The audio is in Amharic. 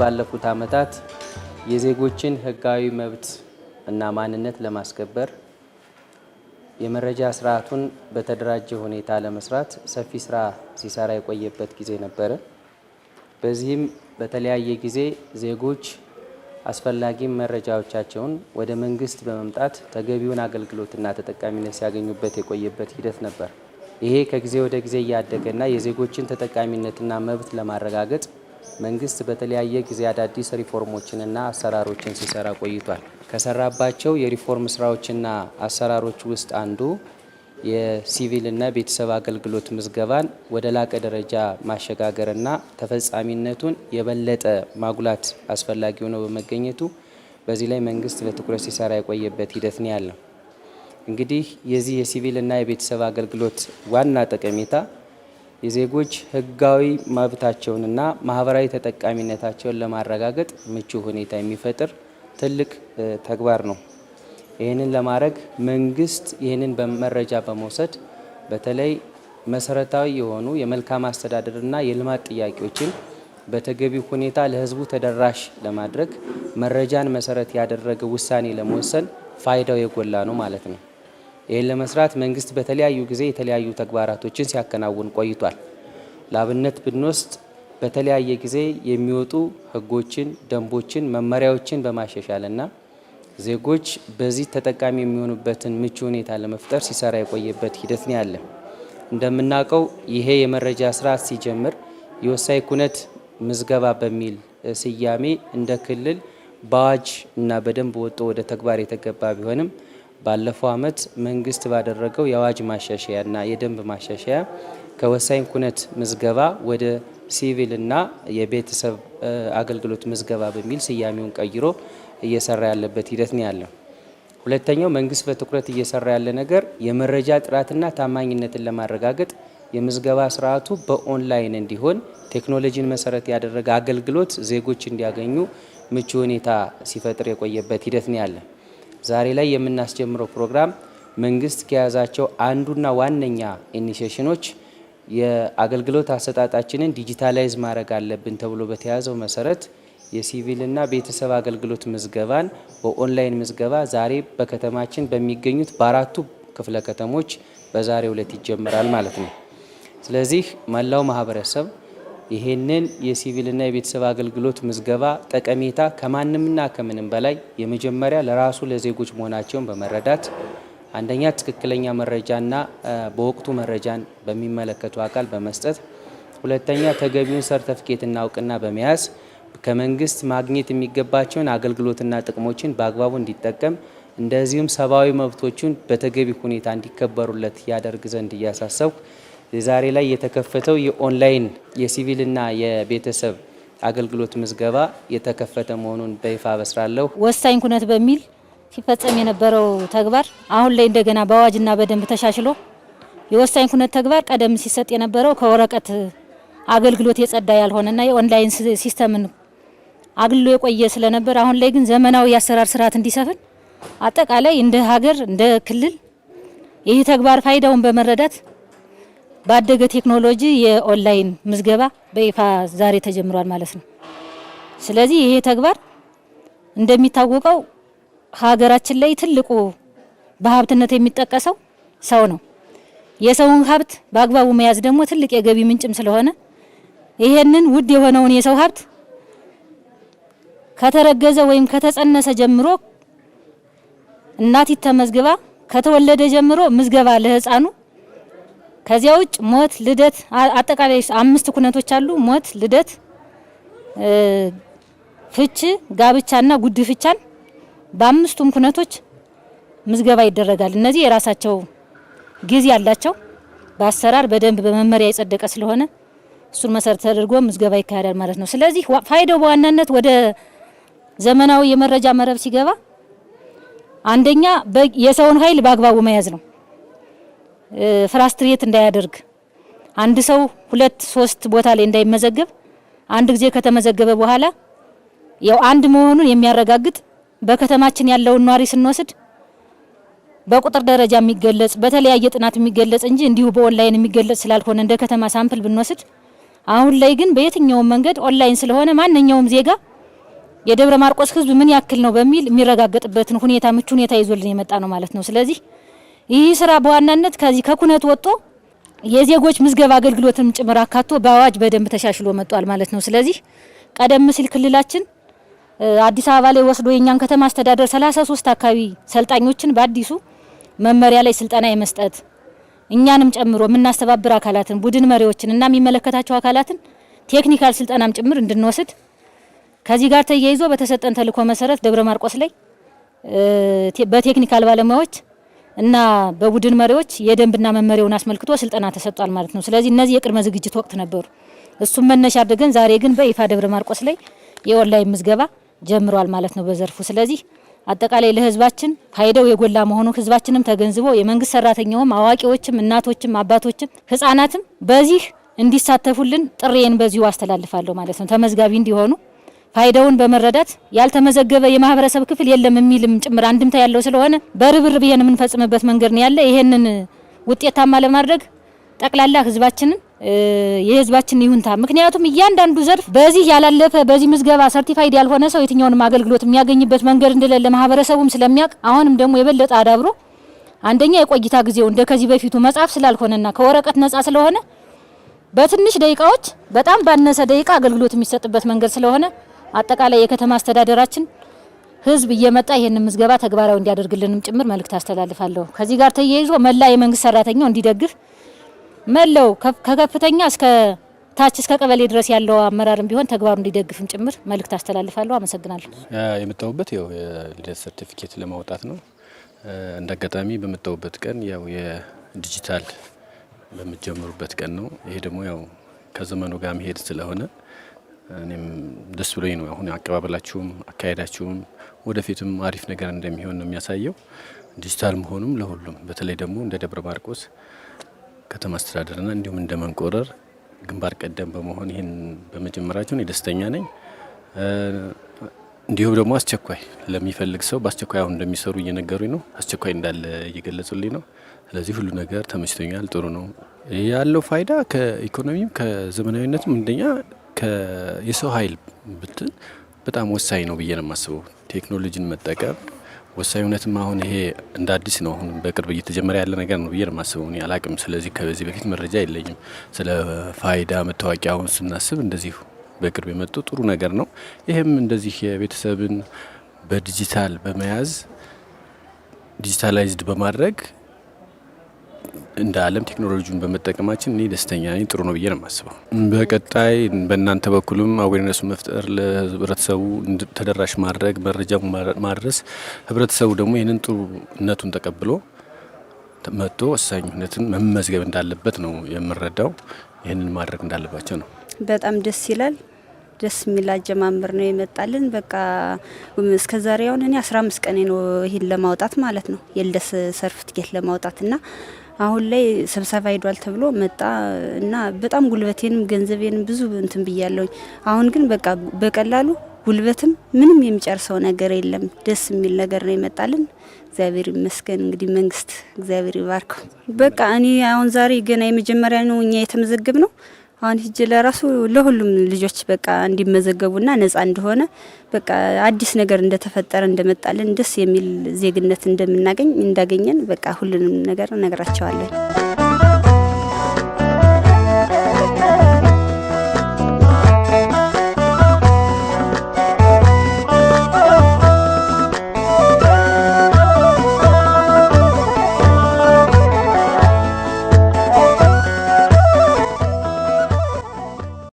ባለፉት ዓመታት የዜጎችን ህጋዊ መብት እና ማንነት ለማስከበር የመረጃ ስርዓቱን በተደራጀ ሁኔታ ለመስራት ሰፊ ስራ ሲሰራ የቆየበት ጊዜ ነበረ። በዚህም በተለያየ ጊዜ ዜጎች አስፈላጊ መረጃዎቻቸውን ወደ መንግስት በመምጣት ተገቢውን አገልግሎትና ተጠቃሚነት ሲያገኙበት የቆየበት ሂደት ነበር። ይሄ ከጊዜ ወደ ጊዜ እያደገና የዜጎችን ተጠቃሚነትና መብት ለማረጋገጥ መንግስት በተለያየ ጊዜ አዳዲስ ሪፎርሞችንና አሰራሮችን ሲሰራ ቆይቷል። ከሰራባቸው የሪፎርም ስራዎችና አሰራሮች ውስጥ አንዱ የሲቪልና ቤተሰብ አገልግሎት ምዝገባን ወደ ላቀ ደረጃ ማሸጋገርና ተፈጻሚነቱን የበለጠ ማጉላት አስፈላጊ ሆኖ በመገኘቱ በዚህ ላይ መንግስት በትኩረት ሲሰራ የቆየበት ሂደት ነው ያለው። እንግዲህ የዚህ የሲቪልና የቤተሰብ አገልግሎት ዋና ጠቀሜታ የዜጎች ህጋዊ መብታቸውንና ማህበራዊ ተጠቃሚነታቸውን ለማረጋገጥ ምቹ ሁኔታ የሚፈጥር ትልቅ ተግባር ነው። ይህንን ለማድረግ መንግስት ይህንን መረጃ በመውሰድ በተለይ መሰረታዊ የሆኑ የመልካም አስተዳደርና የልማት ጥያቄዎችን በተገቢ ሁኔታ ለህዝቡ ተደራሽ ለማድረግ መረጃን መሰረት ያደረገ ውሳኔ ለመወሰን ፋይዳው የጎላ ነው ማለት ነው። ይህን ለመስራት መንግስት በተለያዩ ጊዜ የተለያዩ ተግባራቶችን ሲያከናውን ቆይቷል። ለአብነት ብንወስድ በተለያየ ጊዜ የሚወጡ ህጎችን፣ ደንቦችን፣ መመሪያዎችን በማሻሻልና ዜጎች በዚህ ተጠቃሚ የሚሆኑበትን ምቹ ሁኔታ ለመፍጠር ሲሰራ የቆየበት ሂደት ነው ያለ። እንደምናውቀው ይሄ የመረጃ ስርዓት ሲጀምር የወሳኝ ኩነት ምዝገባ በሚል ስያሜ እንደ ክልል በአዋጅ እና በደንብ ወጥቶ ወደ ተግባር የተገባ ቢሆንም ባለፈው ዓመት መንግስት ባደረገው የአዋጅ ማሻሻያና የደንብ ማሻሻያ ከወሳኝ ኩነት ምዝገባ ወደ ሲቪልና የቤተሰብ አገልግሎት ምዝገባ በሚል ስያሜውን ቀይሮ እየሰራ ያለበት ሂደት ነው ያለው። ሁለተኛው መንግስት በትኩረት እየሰራ ያለ ነገር የመረጃ ጥራትና ታማኝነትን ለማረጋገጥ የምዝገባ ስርዓቱ በኦንላይን እንዲሆን ቴክኖሎጂን መሰረት ያደረገ አገልግሎት ዜጎች እንዲያገኙ ምቹ ሁኔታ ሲፈጥር የቆየበት ሂደት ነው ያለን። ዛሬ ላይ የምናስጀምረው ፕሮግራም መንግስት ከያዛቸው አንዱና ዋነኛ ኢኒሼሽኖች የአገልግሎት አሰጣጣችንን ዲጂታላይዝ ማድረግ አለብን ተብሎ በተያዘው መሰረት የሲቪልና ቤተሰብ አገልግሎት ምዝገባን በኦንላይን ምዝገባ ዛሬ በከተማችን በሚገኙት በአራቱ ክፍለ ከተሞች በዛሬው ዕለት ይጀምራል ማለት ነው። ስለዚህ መላው ማህበረሰብ ይሄንን የሲቪልና የቤተሰብ አገልግሎት ምዝገባ ጠቀሜታ ከማንምና ከምንም በላይ የመጀመሪያ ለራሱ ለዜጎች መሆናቸውን በመረዳት አንደኛ ትክክለኛ መረጃና በወቅቱ መረጃን በሚመለከቱ አካል በመስጠት ሁለተኛ ተገቢውን ሰርተፍኬትና እውቅና በመያዝ ከመንግስት ማግኘት የሚገባቸውን አገልግሎትና ጥቅሞችን በአግባቡ እንዲጠቀም እንደዚሁም ሰብአዊ መብቶቹን በተገቢ ሁኔታ እንዲከበሩለት ያደርግ ዘንድ እያሳሰብኩ ዛሬ ላይ የተከፈተው የኦንላይን የሲቪልና የቤተሰብ አገልግሎት ምዝገባ የተከፈተ መሆኑን በይፋ አበስራለሁ። ወሳኝ ኩነት በሚል ሲፈጸም የነበረው ተግባር አሁን ላይ እንደገና በአዋጅና በደንብ ተሻሽሎ የወሳኝ ኩነት ተግባር ቀደም ሲሰጥ የነበረው ከወረቀት አገልግሎት የጸዳ ያልሆነና የኦንላይን ሲስተምን አግሎ የቆየ ስለነበር አሁን ላይ ግን ዘመናዊ የአሰራር ስርዓት እንዲሰፍን አጠቃላይ እንደ ሀገር እንደ ክልል ይህ ተግባር ፋይዳውን በመረዳት ባደገ ቴክኖሎጂ የኦንላይን ምዝገባ በይፋ ዛሬ ተጀምሯል ማለት ነው። ስለዚህ ይሄ ተግባር እንደሚታወቀው ሀገራችን ላይ ትልቁ በሀብትነት የሚጠቀሰው ሰው ነው። የሰውን ሀብት በአግባቡ መያዝ ደግሞ ትልቅ የገቢ ምንጭም ስለሆነ ይሄንን ውድ የሆነውን የሰው ሀብት ከተረገዘ ወይም ከተጸነሰ ጀምሮ እናት ተመዝግባ ከተወለደ ጀምሮ ምዝገባ ለህፃኑ ከዚያ ውጭ ሞት፣ ልደት አጠቃላይ አምስት ኩነቶች አሉ። ሞት፣ ልደት፣ ፍቺ፣ ጋብቻና ጉድ ፍቻን በአምስቱም ኩነቶች ምዝገባ ይደረጋል። እነዚህ የራሳቸው ጊዜ አላቸው። በአሰራር በደንብ በመመሪያ የጸደቀ ስለሆነ እሱን መሰረት ተደርጎ ምዝገባ ይካሄዳል ማለት ነው። ስለዚህ ፋይዳው በዋናነት ወደ ዘመናዊ የመረጃ መረብ ሲገባ አንደኛ የሰውን ኃይል በአግባቡ መያዝ ነው። ፍራስትሬት እንዳያደርግ አንድ ሰው ሁለት ሶስት ቦታ ላይ እንዳይመዘገብ አንድ ጊዜ ከተመዘገበ በኋላ ያው አንድ መሆኑን የሚያረጋግጥ በከተማችን ያለውን ኗሪ ስንወስድ በቁጥር ደረጃ የሚገለጽ በተለያየ ጥናት የሚገለጽ እንጂ እንዲሁ በኦንላይን የሚገለጽ ስላልሆነ እንደ ከተማ ሳምፕል ብንወስድ፣ አሁን ላይ ግን በየትኛውም መንገድ ኦንላይን ስለሆነ ማንኛውም ዜጋ የደብረ ማርቆስ ሕዝብ ምን ያክል ነው በሚል የሚረጋገጥበትን ሁኔታ ምቹ ሁኔታ ይዞልን የመጣ ነው ማለት ነው። ስለዚህ ይህ ስራ በዋናነት ከዚህ ከኩነት ወጥቶ የዜጎች ምዝገባ አገልግሎትም ጭምር አካቶ በአዋጅ በደንብ ተሻሽሎ መጥቷል ማለት ነው። ስለዚህ ቀደም ሲል ክልላችን አዲስ አበባ ላይ ወስዶ የእኛን ከተማ አስተዳደር 33 አካባቢ ሰልጣኞችን በአዲሱ መመሪያ ላይ ስልጠና የመስጠት እኛንም ጨምሮ የምናስተባብር አካላትን ቡድን መሪዎችን እና የሚመለከታቸው አካላትን ቴክኒካል ስልጠናም ጭምር እንድንወስድ ከዚህ ጋር ተያይዞ በተሰጠን ተልዕኮ መሰረት ደብረ ማርቆስ ላይ በቴክኒካል ባለሙያዎች እና በቡድን መሪዎች የደንብና መመሪያውን አስመልክቶ ስልጠና ተሰጥቷል ማለት ነው። ስለዚህ እነዚህ የቅድመ ዝግጅት ወቅት ነበሩ። እሱም መነሻ አድርገን ዛሬ ግን በይፋ ደብረ ማርቆስ ላይ የኦንላይን ምዝገባ ጀምሯል ማለት ነው በዘርፉ ስለዚህ አጠቃላይ ለህዝባችን ፋይዳው የጎላ መሆኑ ህዝባችንም ተገንዝቦ የመንግስት ሰራተኛውም፣ አዋቂዎችም፣ እናቶችም፣ አባቶችም ህጻናትም በዚህ እንዲሳተፉልን ጥሬን በዚሁ አስተላልፋለሁ ማለት ነው ተመዝጋቢ እንዲሆኑ ፋይዳውን በመረዳት ያልተመዘገበ የማህበረሰብ ክፍል የለም የሚልም ጭምር አንድምታ ያለው ስለሆነ በርብርብ ይሄን የምንፈጽምበት መንገድ ነው ያለ። ይሄንን ውጤታማ ለማድረግ ጠቅላላ ህዝባችንን የህዝባችን ይሁንታ። ምክንያቱም እያንዳንዱ ዘርፍ በዚህ ያላለፈ በዚህ ምዝገባ ሰርቲፋይድ ያልሆነ ሰው የትኛውንም አገልግሎት የሚያገኝበት መንገድ እንደሌለ ማህበረሰቡም ስለሚያውቅ አሁንም ደግሞ የበለጠ አዳብሮ አንደኛ የቆይታ ጊዜው እንደ ከዚህ በፊቱ መጽሐፍ ስላልሆነና ከወረቀት ነጻ ስለሆነ በትንሽ ደቂቃዎች በጣም ባነሰ ደቂቃ አገልግሎት የሚሰጥበት መንገድ ስለሆነ አጠቃላይ የከተማ አስተዳደራችን ህዝብ እየመጣ ይሄን ምዝገባ ተግባራዊ እንዲያደርግልንም ጭምር መልእክት አስተላልፋለሁ። ከዚህ ጋር ተያይዞ መላ የመንግስት ሰራተኛው እንዲደግፍ መላው ከከፍተኛ እስከ ታች እስከ ቀበሌ ድረስ ያለው አመራርም ቢሆን ተግባሩ እንዲደግፍም ጭምር መልእክት አስተላልፋለሁ። አመሰግናለሁ። የመጣሁበት ያው የልደት ሰርቲፊኬት ለማውጣት ነው። እንደ አጋጣሚ በመጣሁበት ቀን ያው የዲጂታል በምጀምሩበት ቀን ነው። ይሄ ደግሞ ያው ከዘመኑ ጋር መሄድ ስለሆነ እኔም ደስ ብሎኝ ነው። አሁን አቀባበላችሁም አካሄዳችሁም ወደፊትም አሪፍ ነገር እንደሚሆን ነው የሚያሳየው። ዲጂታል መሆኑም ለሁሉም በተለይ ደግሞ እንደ ደብረ ማርቆስ ከተማ አስተዳደርና እንዲሁም እንደ መንቆረር ግንባር ቀደም በመሆን ይህን በመጀመራቸው ደስተኛ ነኝ። እንዲሁም ደግሞ አስቸኳይ ለሚፈልግ ሰው በአስቸኳይ አሁን እንደሚሰሩ እየነገሩኝ ነው። አስቸኳይ እንዳለ እየገለጹልኝ ነው። ስለዚህ ሁሉ ነገር ተመችቶኛል። ጥሩ ነው ያለው ፋይዳ ከኢኮኖሚም ከዘመናዊነትም እንደኛ የሰው ኃይል ብትል በጣም ወሳኝ ነው ብዬ ነው የማስበው። ቴክኖሎጂን መጠቀም ወሳኝ እውነትም አሁን ይሄ እንደ አዲስ ነው፣ አሁን በቅርብ እየተጀመረ ያለ ነገር ነው ብዬ ነው የማስበው። እኔ አላቅም፣ ስለዚህ ከዚህ በፊት መረጃ የለኝም ስለ ፋይዳ መታወቂያ። አሁን ስናስብ እንደዚሁ በቅርብ የመጡ ጥሩ ነገር ነው። ይህም እንደዚህ የቤተሰብን በዲጂታል በመያዝ ዲጂታላይዝድ በማድረግ እንደ ዓለም ቴክኖሎጂውን በመጠቀማችን እኔ ደስተኛ ነኝ። ጥሩ ነው ብዬ ነው የማስበው። በቀጣይ በእናንተ በኩልም አዌርነሱ መፍጠር፣ ለህብረተሰቡ ተደራሽ ማድረግ፣ መረጃ ማድረስ፣ ህብረተሰቡ ደግሞ ይህንን ጥሩነቱን ተቀብሎ መጥቶ ወሳኝነትን መመዝገብ እንዳለበት ነው የምረዳው ይህንን ማድረግ እንዳለባቸው ነው። በጣም ደስ ይላል። ደስ የሚል አጀማምር ነው የመጣልን። በቃ ዛሬ አሁን እኔ አስራ አምስት ቀኔ ነው ይህን ለማውጣት ማለት ነው የልደስ ሰርፍትኬት ለማውጣት እና አሁን ላይ ስብሰባ ሄዷል ተብሎ መጣ እና በጣም ጉልበቴንም ገንዘቤንም ብዙ እንትን ብያለሁኝ። አሁን ግን በቃ በቀላሉ ጉልበትም ምንም የሚጨርሰው ነገር የለም። ደስ የሚል ነገር ነው ይመጣልን። እግዚአብሔር ይመስገን። እንግዲህ መንግስት እግዚአብሔር ይባርከው። በቃ እኔ አሁን ዛሬ ገና የመጀመሪያ ነው እኛ የተመዘገብ ነው አሁን ሂጄ ለራሱ ለሁሉም ልጆች በቃ እንዲመዘገቡና ነጻ እንደሆነ በቃ አዲስ ነገር እንደተፈጠረ እንደመጣለን ደስ የሚል ዜግነት እንደምናገኝ እንዳገኘን በቃ ሁሉንም ነገር እነግራቸዋለን።